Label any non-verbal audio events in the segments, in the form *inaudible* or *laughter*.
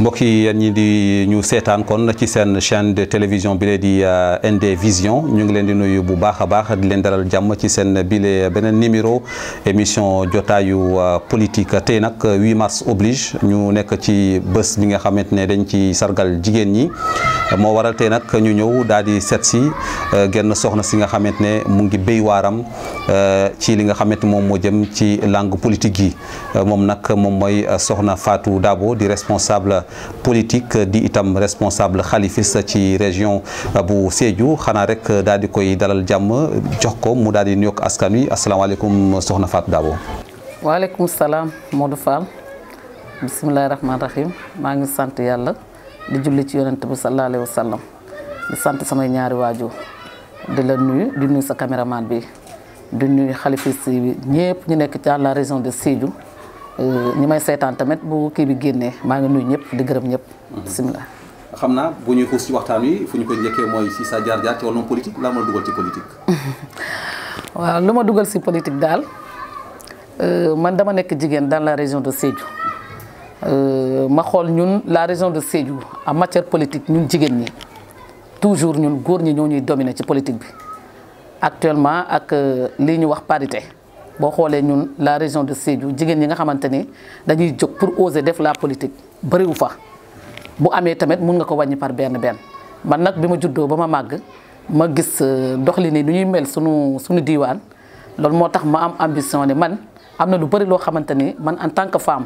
mbokk yi yéen ñi di ñu seetaan kon ci seen chaîne de télévision bi lee di euh, ND Vision ñu ngi leen di nuyu bu baax a baax di leen daral jàmm ci seen bile beneen numéro émission jotaayu euh, politique tey nag 8 euh, mars oblige ñu nekk ci bës bi nga xamante ne dañ ci sargal jigéen ñi moo waral tey nag ñu ñëw daal di seet si genn soxna si nga xamante ne mu ngi béy waaram ci li nga xamante moom moo jëm ci langue politique yi moom nag moom mooy soxna Fatou Dabo di responsable politique euh, di itam responsable xalifis ci région euh, bu Sédhiou xanaa rek euh, daal di koy dalal jàmm jox ko mu daal di nuyoog askan wi asalaamaaleykum soxna Fatou Dabo. waaleykum salaam Modou Fall bisimilah rahmaani rahim maa ngi sant yàlla di julli ci yonent bi sallallahu alayhi wa di sant samay ñaari waajur di la nuyu di nuyu sa caméraman bi di nuyu xalifis yi ñëpp ñu nekk ci la région de Sédhiou. ñu may seetaan tamit bu kii bi génnee maa ngi nuyu ñëpp di gërëm ñëpp. Mhm. bisimilah. xam naa bu ñuy xuus ci waxtaan wi fu ñu koy njëkkee mooy si sa jaar-jaar ci wàllum politique laa *laughs* ma dugal ci politique. lu ma dugal si politique daal euh, man dama nekk jigéen dans la région de Sédhiou euh, ma xool ñun la région de Sédhiou en matière politique ñun jigéen ñi toujours ñun góor ñi ñoo ñuy dominer ci politique bi actuellement ak euh, lii ñu wax parité. boo xoolee ñun la région de Sédhiou jigéen ñi nga xamante ni dañuy jóg pour oser def la politique bëriwu fa bu amee tamit mun nga ko wàññi par benn benn man nag bi ma juddoo ba ma màgg ma gis euh, doxalin ni nu ñuy mel sunu suñu diwaan loolu moo tax ma am ambition ne man am na lu bëri loo xamante ni man en tant que femme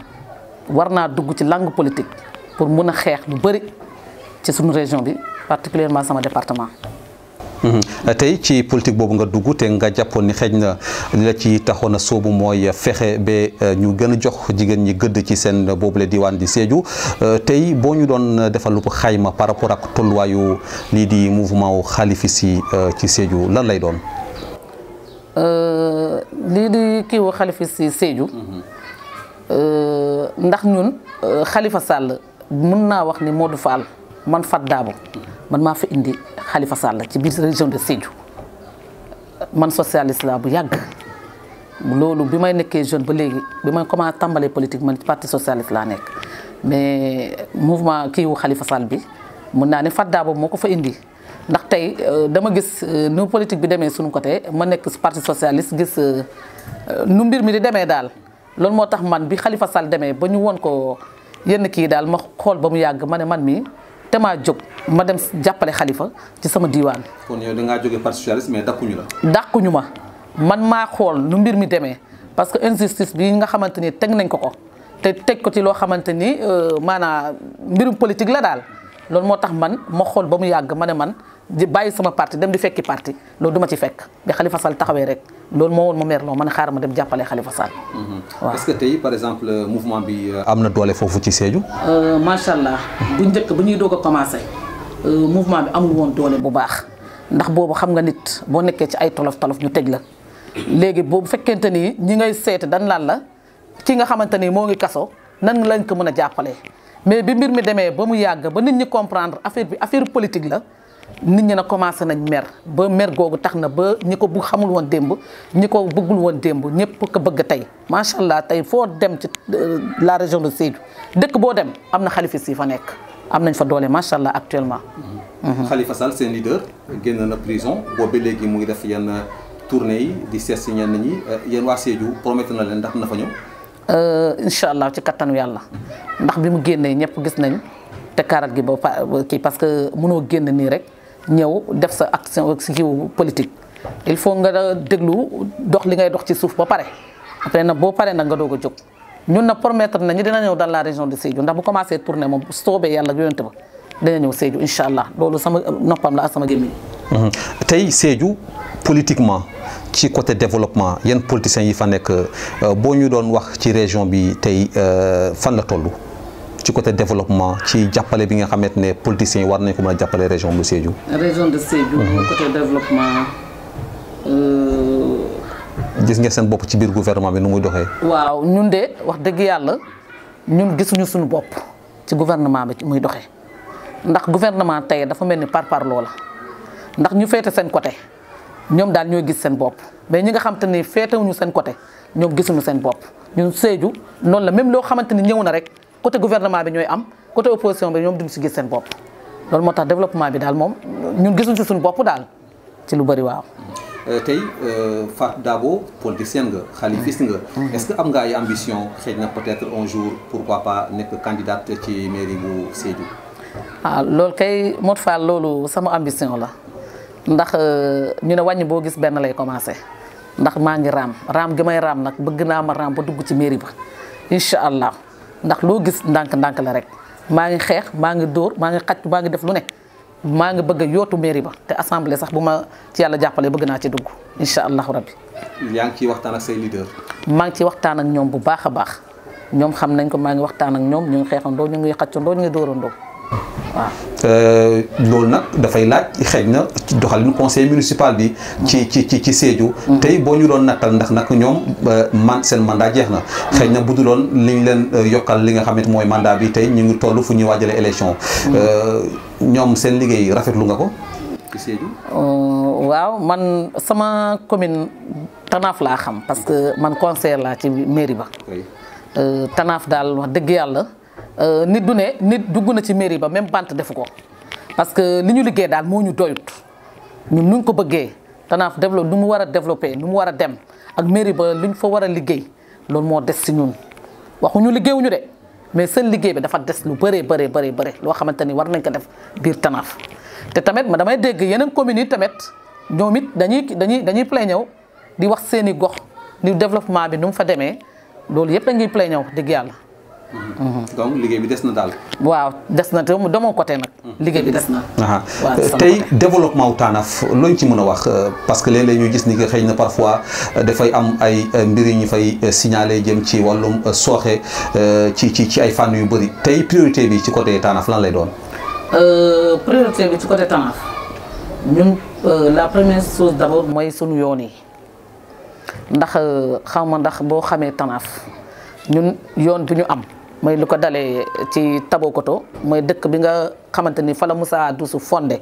war naa dugg ci langue politique pour mun a xeex lu bëri ci suñu région bi particulièrement sama département Mhm. tey ci politique boobu nga dugg te nga jàppoon ni xëj na la ci taxoon a soobu mooy fexe ba euh, ñu gën a jox jigéen ñi gëdd ci seen boobule diwaan di Sédhiou euh, tey boo ñu doon defal xayma par rapport ak tolluwaayu lii di mouvement wu xalifis si euh, ci Sédhiou lan lay doon. lii di yi Sédhiou mhm. ndax ñun xalifa Sall mën naa wax ni Modou Fall man Fat Dabo man maa fa indi Khalifa Sall ci biir région de Sédhiou man socialiste laa bu yàgg loolu bi may nekkee jeune ba léegi bi may commencé tàmbalee politique man ci parti socialiste laa nekk mais mouvement kii xalifa Khalifa bi mun naa ne faddaa boobu moo ko fa indi ndax tey euh, dama gis euh, nu politique bi demee suñu côté ma nekk si parti socialiste gis euh, nu mbir mi di demee daal loolu moo tax man bi xalifa Sall demee ba ñu woon ko yenn kii daal ma xool ba mu yàgg ma ne man mii te maa jóg ma dem jàppale xalifa ci sama diwaan kon yow da ngaa jógee parti socialiste mais dàkkuñu la. dàkkuñu ma man maa xool nu mbir mi demee parce que injustice bi nga xamante ni teg nañ ko ko te teg ko ci loo xamante ni euh, maanaam mbirum politique la daal loolu moo tax man ma xool ba mu yàgg ma ne man. di bàyyi sama parti dem di fekki parti loolu du ma ci fekk bi Khalifa Sall taxawee rek loolu moo woon ma merloo man xaaral ma dem jàppale Khalifa Sall. Mm-hmm. waaw est-ce que tey par exemple euh, mouvement bi. Euh, am na doole foofu ci Sédhiou. Euh, macha allah bu njëkk bu ñuy doog a commencé mouvement bi amul woon doole bu baax ndax boobu xam nit boo nekkee ci ay tolof tolof ñu tëj la léegi boobu fekkente ni ñi ngay seet dan lan la ki nga xamante ni moo ngi kaso nan lañ ko mën a jàppalee mais bi mbir mi demee ba mu yàgg ba nit ñi comprendre affaire bi affaire politique la. nit ñi na commencé nañ mer ba mer googu tax na ba ñi ko bu xamul woon démb ñi ko bëggul woon démb ñëpp ko bëgg tey macha allah tey foo dem ci euh, la région de Sédhiou dëkk boo dem am na xalifis yi fa nekk am nañ fa doole macha allah actuellement. Mm-hmm. Khalifa Sall seen leader génn na prison boobu léegi mu ngi def yenn tournée yi di seet si ñenn ñi euh, yéen waa Sédhiou promettre na leen ndax na fa ñëw. Euh, incha allah ci kattanu yàlla ndax bi mu génnee ñëpp gis nañ te kaaral gi ba kii parce que mënoo génn nii rek. ñëw def sa action kiw politique il faut nga déglu dox li ngay dox ci suuf ba pare après nag boo paree nag nga doog a jóg ñun nag promettre nañu dina ñëw dans la région de Sédhiou ndax bu commencé tourner moom soobee yàlla yonente ba dina ñëw Sédhiou incha allah loolu sama noppam la a sama gémmiñ mhm. tey Sédhiou politiquement ci côté développement yenn politiciens yi fa nekk euh, boo ñu doon wax ci région bi tey euh, fan la toll ci côté développement ci jàppale bi nga xamante ne politiciens yi war nañ ko mën a jàppale région de Sédhiou. région de Sédhiou. Mhm. côté développement. Euh, gis ngeen seen bopp ci biir gouvernement bi nu muy doxe waaw ñun de wax dëgg yàlla ñun gisuñu suñu bopp ci gouvernement bi ci muy doxee ndax gouvernement tey dafa mel ni par par loola ndax ñu féete seen côté ñoom daal ñooy gis seen bopp mais ñi nga xam te ni féetewuñu seen côté ñoom gisuñu seen bopp ñun Sédhiou noonu la même loo xamante ni ñëw na rek. côté gouvernement bi ñooy am côté opposition bi ñoom duñ si gis seen bopp loolu moo tax développement bi daal moom ñun gisuñ si suñu bopp daal ci lu bëri waaw. Euh, tey euh, Fatou Dabo seen nga xalifiste nga. Mm-hmm. est-ce que am nga ay ambition xëy na peut-être un jour pourquoi pas nekk candidate ci mairie bu Sédhiou. ah loolu kay Modou Fall loolu sama ambition la ndax euh, ñu ne wàññi boo gis benn lay commencer ndax maa ngi raam raam gi may raam nag bëgg naa ma raam ba dugg ci mairie ba incha allah. ndax loo gis ndànk-ndànk la rek maa ngi xeex maa ngi dóor maa ngi xacc maa ngi def lu ne maa ngi bëgg yootu mairie ba te assemblée sax bu ma ci yàlla jàppale bëgg naa ci dugg incha allahu rabbi. yaa ngi ciy waxtaan ak say leader. maa ngi ciy waxtaan ak ñoom bu baax a baax ñoom xam nañ ko maa ngi waxtaan ak ñoom ñu ngi xeexandoo ñu ngi xaccandoo ñu ngi dóorandoo waaw euh, loolu nag dafay laaj xëy na ci doxalin conseil municipal bi. ci ci ci ci Sédhiou. Mhm. tey boo ñu doon nattal ndax nag ñoom euh, man seen mandat jeex na. Mhm. xëy na bu duloon liñ leen euh, yokkal li nga xam ne mooy mandat bi tey ñu ngi toll fu ñuy waajalee élection. Mhm. ñoom seen liggéey rafetlu nga ko. ci waaw man sama commune Tanaaf laa xam parce que man conseiller laa ci mairie ba. Tanaaf daal wax dëgg yàlla. Euh, nit du ne nit dugg na ci mairie ba même bant defu ko parce que li ñu liggéey daal moo ñu doyut ñun nuñ ko bëggee Tanaf développe nu mu war a développé nu mu war a dem ak mairie ba ñu fa war a liggéey loolu moo des si ñun waxuñu liggéeyuñu de mais seen liggéey bi dafa des lu bëree bëree bëree bëri loo xamante ni war nañ ko def biir Tanaf te tamit ma damay dégg yeneen communes yi tamit ñoom it dañuy dañuy dañuy plaigner ñëw di wax seen i gox ni developpement bi nu mu fa demee loolu yëpp a ngi plaigner ñëw dëgg yàlla Mm-hmm. donc liggéey bi des na daal. waaw des na te de mon côté nag. Mm-hmm. liggéey bi des na. waaw euh, tey développement wu Tanaf looñ ci mën a wax euh, parce que léeg-léeg ñu gis ni que xëy na parfois euh, dafay am ay mbir yu ñu fay signaler jëm ci wàllum sooxe ci ci ci ay fànn yu bëri tey priorité bi ci côté Tanaf lan lay doon. priorité bi ci côté Tanaf ñun la première chose d'abord mooy sunu yoon yi ndax xaw ndax boo xamee Tanaf ñun yoon bi ñu am. mooy lu ko dalee ci Tabokoto mooy dëkk bi nga xamante ni fa la Moussa Doussou fonde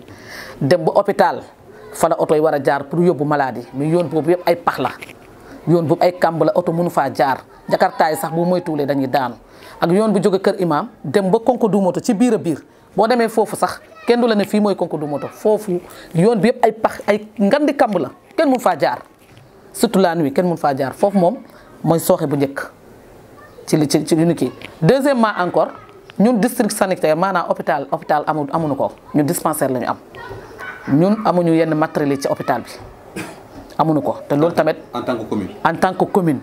dem ba hôpital fa la oto yi war a jaar pour yóbbu maladie mais yoon boobu yëpp ay pax la yoon bu ay kàmb la oto mënu faa jaar jakartaay sax bu moytuwulee dañuy daanu ak bu jóge kër imam dem ba Konkodumoto ci biir a biir boo demee foofu sax kenn du la ne fii mooy Konkodumoto foofu yoon yëpp ay pax ay ngandi kàmb la kenn mun faa jaar sutu la nuit kenn mun faa jaar foofu moom mooy sooxe bu njëkk. ci li ci ci kii deuxièmement encore ñun district sanitaire maanaam hôpital hôpital amu amuñu ko ñun dispensaire la am ñun amuñu yenn matériel ci hôpital bi amuñu ko te loolu tamit. en tant que commune. en tant que commune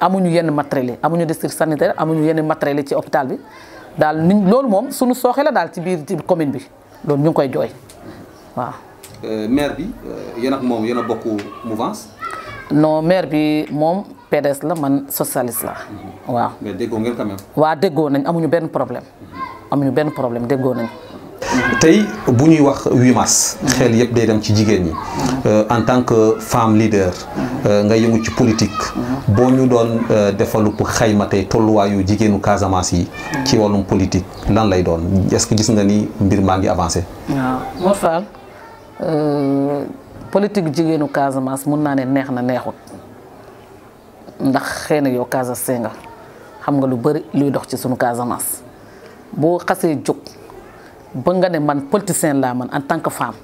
amuñu yenn matériel yi amuñu district sanitaire amuñu yenn matériel ci hôpital bi daal niñ loolu moom suñu sooxe la daal ci biir ci commune bi loolu ñu ngi koy jooy waaw. Euh, maire bi euh, yéen moom yéen a bokk mouvance. non maire bi moom. PDS la man socialiste la mhm. waaw. mais déggoo déggoo nañ amuñu benn problème mhm. amuñu benn problème déggoo nañ. tey bu ñuy wax 8 mars. xel yëpp day dem ci jigéen ñi. Mhm. Euh, en tant que femme leader. Euh, nga yëngu ci politique. boo ñu doon euh, defalub xayma tey tolluwaayu jigéenu Casamance yi. ci wàllum politique lan lay doon est que gis nga ni mbir maa ngi avancé. waaw jigéenu Casamance mun naa ne neex na neexut. ndax xëy na yow Casamançais nga xam nga lu bëri luy dox ci sunu Casamance boo xasee jóg ba nga ne man politicien laa man en tant que femme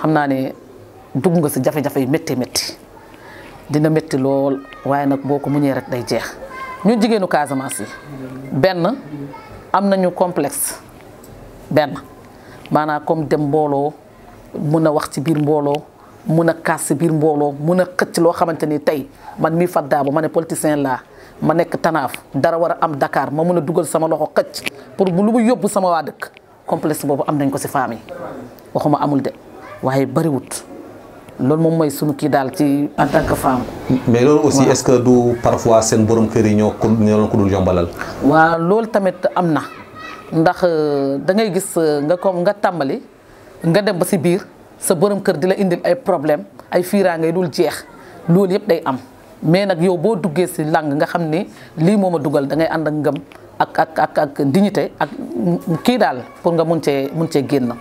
xam naa ne dugg nga si jafe-jafe yu métti métti dina métti lool waaye nag boo ko muñee rek day jeex ñu jigéenu Casamance yi benn am nañu complexe benn maanaam comme dem mbooloo mun a wax ci biir mbooloo mun a kaas si biir mbooloo mun a xëcc loo xamante ni tey man mii faddaa ba ma ne politicien laa ma nekk tanaaf dara war a am dakaar ma mun a dugal sama loxo xëcc pour lu mu yóbbu sama waa dëkk complexe boobu am nañ ko si femmes yi waxuma amul de waaye bariwut loolu moom mooy sunu kii daal ci en tant que femme. mais loolu aussi est-ce que du parfois seen borom kër yi ñoo ko ñoo ko dul yombalal. waaw loolu tamit am na ndax euh, da ngay gis euh, nga comme nga tàmbali nga dem ba si biir. sa borom kër di la indil ay problème ay fiiraa ngay dul jeex loolu yëpp day am mais nag yow boo duggee si làng nga xam ni lii moom a dugal da ngay ànd ak ngëm ak ak ak ak dignité ak kii daal pour nga mun cee mun cee génn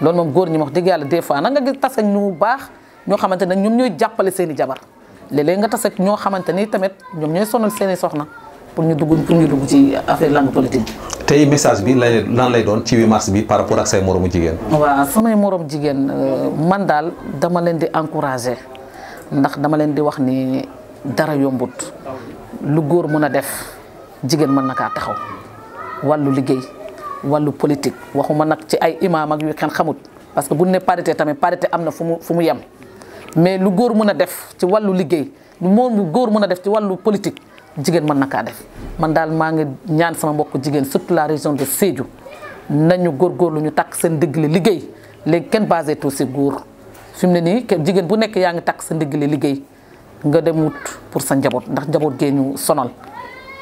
loolu moom góor ñi wax dëgg yàlla des fois nag nga gis tas ñu baax ñoo xamante ne ñoom ñooy jàppale seen i jabar léeg nga tas ñoo xamante ni tamit ñoom ñooy sonal seen soxna. pour ñu dugg pour ñu dugg ci affaire langue tey message bi lan lan lay doon ci 8 bi par rapport ak say moromu jigéen. waaw samay morom jigéen euh, man daal dama leen di encourager ndax dama leen di wax ni dara yombut lu góor mën a def jigéen mën na kaa taxaw wàllu liggéey wàllu politique waxuma nag ci ay imaam ak yu kenn xamut parce que bu ne parité tamit parité am na fu mu fu mu yem mais lu góor mën a def ci wàllu liggéey lu moom góor mën a def ci wàllu politique. jigéen mën na kaa def man daal maa ngi ñaan sama mbokk jigéen surtout la région de Sédhiou nañu lu ñu takk seen ndigg liggéey léegi kenn basé tout si góor fi mu ne nii jigéen bu nekk yaa ngi takk sa ndigg li liggéey nga dem wut pour sa njaboot ndax njaboot gee ñu sonal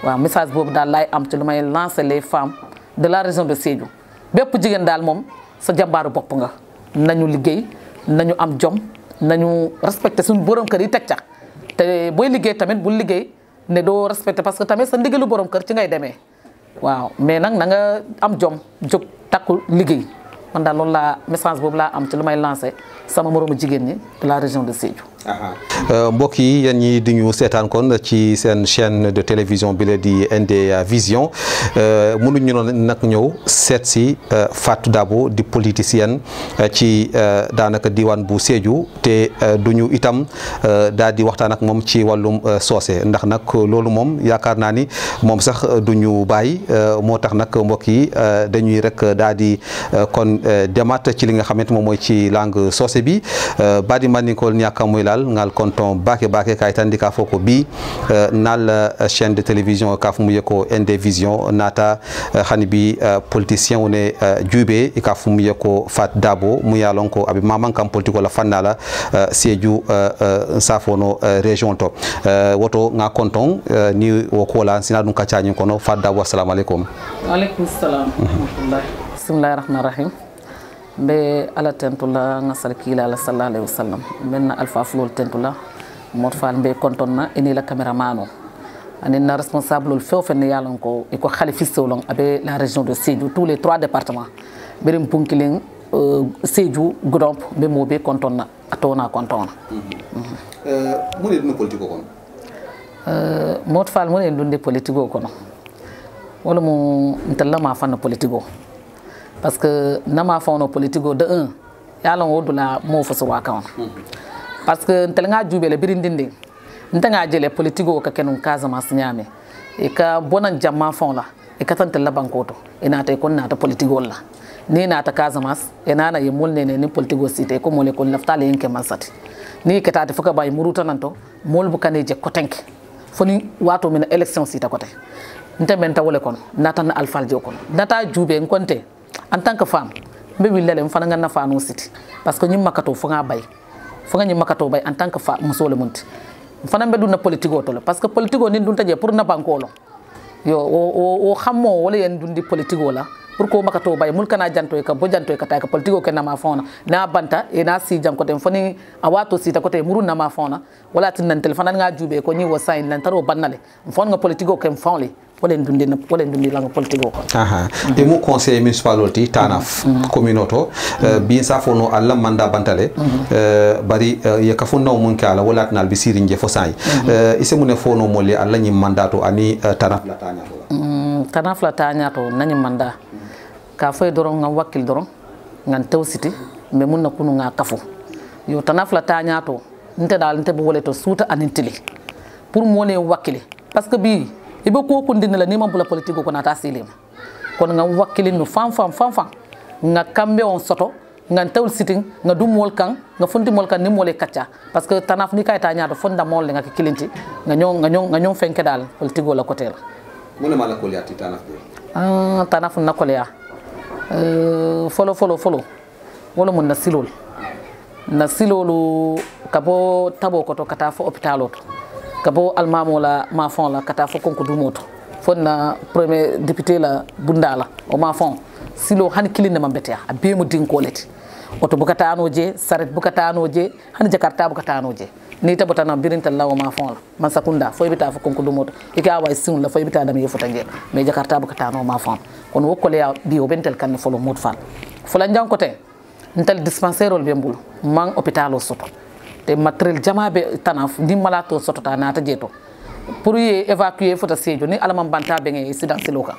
waaw message boobu daal laay am ci lu may lancer les femmes de la région de Sédhiou bépp jigéen daal moom sa jàmbaaru bopp nga nañu liggéey nañu am jom nañu respecté suñu borom kër yi teg ca te booy liggéey tamit bu liggéey. ne doo respecté parce que tamit sa ndigalu borom kër ci ngay demee waaw mais nag na nga am jom jóg takku liggéey man daal loolu laa message boobu laa am ci lu may lancé sama moroomu jigéen ñi de la région de Sédhiou Euh, mbokk yi yéen ñi di ñu seetaan kon ci seen chaîne de télévision bi la di NDA Vision euh, mënuñu noonu nag ñëw seet si euh, Fatou Dabo di politicienne ci daanaka diwaan bu Sédhiou te duñu itam daal di waxtaan ak moom ci wàllum soose ndax nag loolu moom yaakaar naa ni moom sax duñu bàyyi moo tax nag mbokk yi dañuy rek daal di kon demaat ci li nga xamante moom mooy ci langue soose bi Badi Manikol Niaka muy dal ngal konton bake bake ka itandi ka foko bi euh, nal euh, chaîne de télévision ka fumu yeko nd vision nata euh, hani bi politicien wone jube ka fumu yeko fat dabo mu yalon ko abi maman kam politiko la fannala seju région to woto nga konton ni wokola sina dun ka chanyi kono fat dabo assalamu alaikum wa alaikum assalam mbe ala tentula ngasar kilala sallallahu alaihi wasallam menna alfa fulol tentula mot fal mbe kontonna eni la cameraman o anen na responsable ol few fen yalon ko iko khalifiste olon abe la région de Sédhiou tous les trois départements birim punkiling euh, Sédhiou Goudomp mbe mobe kontonna atona kontona mm-hmm. euh mo ne no politique ko euh mot fal mo ne ndunde politique ko no wala mo ntallama fanna politique ko par ce que namafawno politico de un yalan wo dula mo fosurwa kawan par ce que ntelnga juɓele birindinde ntenga jele politico ka kenum casamance ñaame e ka bonan jamma fon la e ka tan tella bankoto e naata e kon naata politico la ni naata casamance e ye mol nene ni politico site ko mole kon laftale yenke man sati ni ketati foka bayi bu kane je kotenke foni wato mina élection sita kote nte men tawole kono natanna nata en tant que femme mbe willale fana ganna siti par que ñim makkato fonga bay fonga ñim makkato bay en tant que femme musole munti fana mbe ɗum na politique o to le par que politique o nin ɗum taƴe pour nabankolo yo o xammo wala yen dundi politique o la pour ko makato bay mul o na banta e na si jam a wato ko ni wo sain nan taro bannale fon nga politique o ke fonle poɗen ɗum ndin poɗen ɗum ɗi lango o e mu conseil municipality tanaf mm-hmm. Mm-hmm. commune o to euh, mm-hmm. bien sa fof no allah manda bantale euh, bari euh, ye kafunnawo mum ke ala wolatnal ɓe siri je fo sayi isemune fo no molle allah ñim manda to ani tanaf la tañato tanaf la tañato nañi manda ka foye doron gam wakkil doron mais mun na kunu ga kafu yo tanaf la tañato nte dal nte ɓe wole suuta anin tili pour wakkili par que bii ibe ko kundinila nima bula politiko ko nata silima kono ngam wakkilinu fam fam fam fam nga kambe on soto nga tawul siting nga dum mol kan nga fundi mol kan ni mole kacca parce que tanaf ni kayta nyaato fonda mol nga ke kilinti nga ñoo nga ñoo nga ñoo fenke dal politigo la côté la mo ma la ko liati tanaf be ah tanaf na ko liya euh folo folo folo wala mun na silol na silolu kabo tabo ko to fo hôpital to kabo almamola ma fond la kata fo konko dumoto fonna premier la bundala o ma fond silo han kilinema mbeteya a bemo dinkolete oto bukatano je saret bukatano je han jakarta bukatano je a tabotana birintal lawo ma fond la man sakunda fo ibita fo konko dumoto ika way siwla fo ibita dam yefuta je mais jakarta bukatano ma fond kono wokkoleya bi o bentel kanne folo mod fal fola jankote ntal dispensaire ol be mbulu man hôpital soto te matériel jamaɓe tana ndimmala to sotota nata jeeto pour ye évacuer fota seedio ni alama banta ɓeŋe sidansilo kan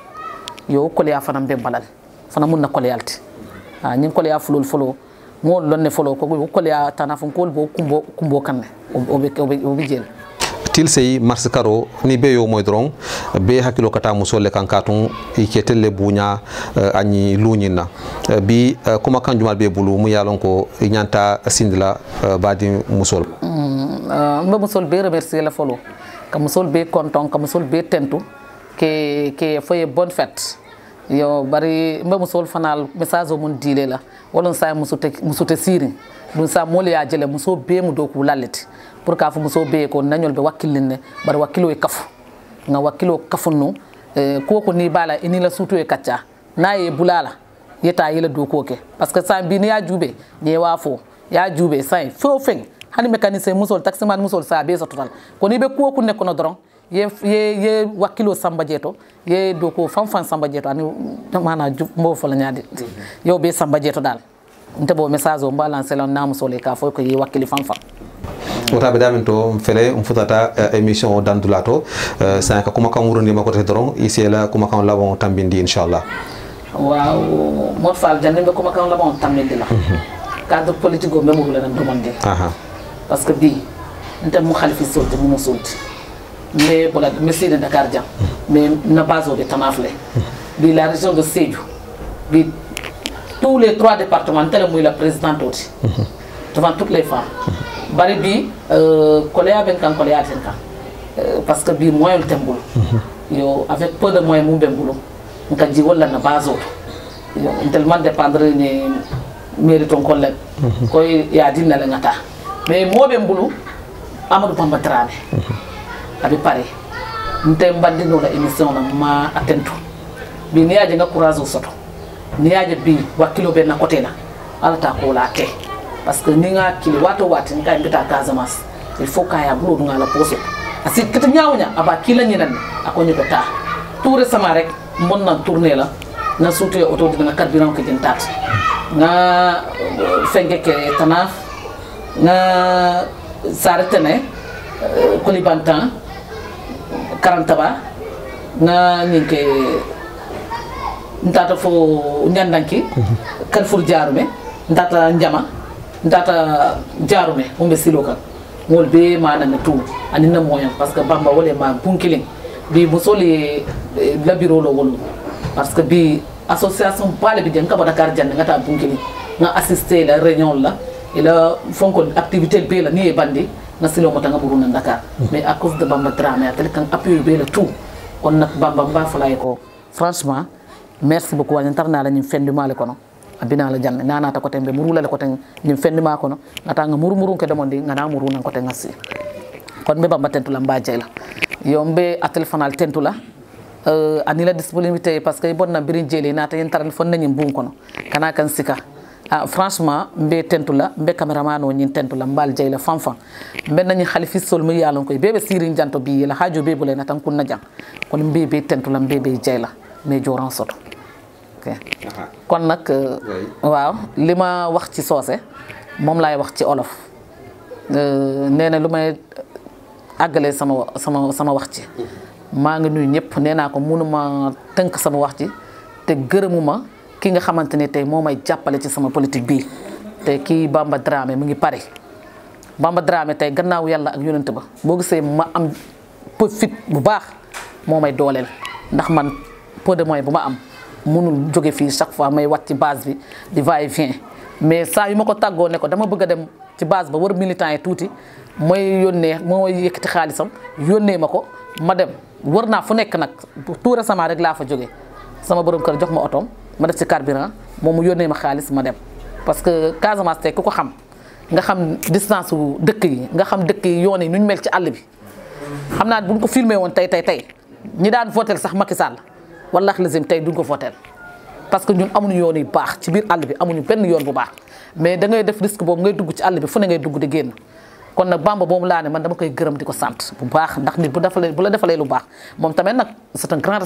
yo koleya fanan ɓe balal fana mun na koleyalti a ñin koleya fulol folo mool lonne folo ko koleya tana fon kool bo kumbo kumbo kanne oɓe jeel tilsei mars karo ni be yo moy drong be hakilo kata musole kan katun ike telle bunya eh, anyi lunyina eh, bi eh, kuma kan jumal be bulu mu yalon ko nyanta sindla badi musol mbe mm, musol be remercier la folo ka musol be content ka musol be tentu ke ke foye bonne fête yo bari mbe musowol fanal message o mum diile la wolon sa musute musute sirin ɗum sa moliya jele muso be mu dow ko lallete pour ka fo muso beye ko nañol ɓe wakkillinne bara wakkilo kafu gam wakkilo kafun nu ko eh, ko ni bala inila suutu e kacca na ye bulala yetta yila dow koke par ce que sa mbini ya juuɓe ƴeewa fo ya juuɓe sa fo feng hani mécanicien musol taximan musol sa be so total koni ɓe kuwo kunne kono doron ye ye ye wakkilo samba jeeto ye dow ko fanfan samba jeeto ani mana mbowo fola ñaade mhm. yow be samba jeeto dal ɗum tabo message o mbo lancé lan namusole ka fof ko ye wakkili fanfan wotaɓe damin to feele um futata eh, émission eh, o dandula to sanka kuma kan wurandima ko tete doron isela kuma kan laɓon tambindi inchallah waaw mot fall jandimɓe kuma kan laɓon tambindi la mhm. cadre politique o mbemo hulanan domande par ce que bi ntan mo halifi solde mais Boga mais Sidi Dakar Dia mais na base de Tanafle de la région de Sédhiou de tous les trois départements telle muy la présidente oti devant toutes les femmes bari bi euh, koleya ben kan koleya ten kan euh, parce que bi moyen ten bulu yo avec peu de moyens mu ben bulu nka ji wala na base yo tellement dépendre ni mairie ton collègue mhm. koy ya dinna la ngata mais mo ben bulu amadou pamba trané aɓe paare ɗum tawi mbanndinoɗa émission nan ma attentu mbi niyaje nga courage o soto niyaje bi wakkilo ɓe nakotena alata kola ke par ce que ni ga kili wato watin ka mbiyata casamance il faut kaya buloɗu ngala pooso a sikkata ñawña aba kila ñinanne akoñoɓe ta tout récemment rek bonnan tourné la na suutoye auto de nga carburant ke jen tat nga euh, fenge ke tanaf nga sare tene euh, kolibantan karantaba nga ñinke ntata fo ñandanki carrefour jarume ntata njama ntata jarume wonɓe silo kan wol be manane tout aninna moyen par ce que bamba wole ma bunkiling bi musole eh, labirolo wolu par ce que bii association baale bi jeng ka ba Dakar jand nga ta bunkiling nga assisté la réunion la ila fonkol activité be la ni e bandi nga silomotanga ɓuruna dakar mais à cause de bamba dramé a tele kan appui ɓeyla tout on nak bamba mba falaye ko franchement merci beaucoup wañen tarnala ñim fendumale kono a binala jangge nanata coté mbe murulale coté ñim fendima kono gatanga murmuru ke demondi gana murunan coté gassi kono mbe bamba tentula mba jeyla yo mbe a téléphonal tentula euh, anila disponibilité parce que bonna birin jeeli nata yen taral fon nañim bun kono kana kan Ah, franchement mbe tentula mbe caméraman o ñin tentula mbal jeyla fanfan mbe nañi halifi sol mi yalon koy bebe sirin janto bi yela hajo be bule na tan kunna jang kon mbe be tentula mbe be la mais joran soto kon nag euh, waaw li ma wax ci soose moom laay wax ci olof euh, nee na lu may àggalee sama sama sama wax ci mhm. maa ngi nuyu ñëpp nee naa ko mënuma tënk sama wax ci te gërëmuma ki nga xamante ne tey moo may jàppale ci sama politique bii te kii Bamba Dramé mu ngi pare Bamba Dramé tey gannaaw yàlla ak yonent ba boo gisee ma am peu fit bu baax moo may dooleel ndax man peu de moyens bu ma am mënul jóge fii chaque fois may wat ci base bi di va et vient mais saa yu ma ko tàggoone ko dama bëgg a dem ci base ba war militant yi tuuti mooy yónnee mooy ti xaalisam yónnee ma ko ma dem wër naa fu nekk nag tout sama rek laa fa jóge sama borom kër jox ma otoom ma def ci carburant moom mu yónnee ma xaalis ma dem parce que Casamance tey ku ko xam nga xam distance wu dëkk yi nga xam dëkk yi yoon yi nu ñu mel ci àll bi xam naa buñ ko filmé woon tey tey tey ñi daan votel sax Macky Sall wallaahi lazim tey duñ ko votel parce que ñun amuñu yoon yi baax ci biir àll bi amuñu benn yoon bu baax mais da ngay def risque boobu ngay dugg ci àll bi fu ne ngay dugg di génn kon nag Bamba boobu laa ne man dama koy gërëm di ko sant bu baax ndax nit bu defalee bu la defalee lu baax moom tamit nag c'est un grand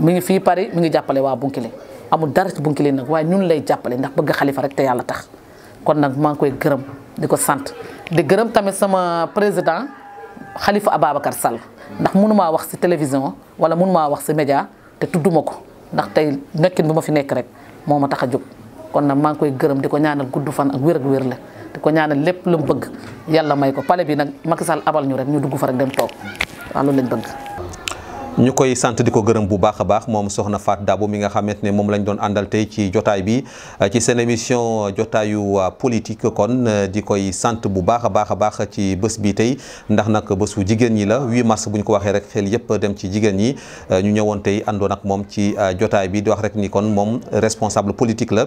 mi ngi fii Paris mu ngi jàppale waa Bounkiling amul dara ci Bounkiling nag waaye ñun lay jàppale ndax bëgg xalifa rek te yàlla tax kon nag maa ngi koy gërëm di ko sant di gërëm tamit sama président xalifa Ababacar Sall ndax mënumaa wax si télévision wala mënumaa wax si média te tudduma ko ndax tey nekkin bu ma fi nekk rek moo ma tax a jóg kon nag maa ngi koy gërëm di ko ñaanal gudd fan ak wér ak wér la di ko ñaanal lépp lu mu bëgg yàlla may ko pale bi nag Macky Sall abal ñu rek ñu dugg fa rek dem toog waaw loolu lañ bëgg ñu koy sant di ko gërëm bu baax a baax moom soxna Fatou Dabo mi nga xamante ne moom lañ doon àndal tey ci jotaay bi euh, ci seen émission euh, jotaayu euh, politique kon di koy sant bu baax a baax a baax ci bës bi tey ndax nag bësu jigéen ñi la 8 mars bu ñu ko waxee rek xel yëpp dem ci jigéen ñi ñu ñëwoon tey àndoon ak moom ci jotaay bi di wax rek ni kon moom responsable politique la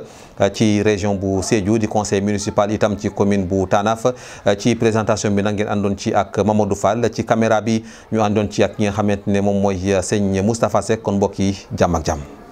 ci région bu Sédhiou di conseil municipal itam ci commune bu Tanaf ci présentation bi nag ngeen àndoon ci ak Mamadou Fall ci caméra bi ñu àndoon ci ak ñi nga xamante ne moom mooy sëñ Moustapha Seck kon mbokk yi jàmm ak jàmm.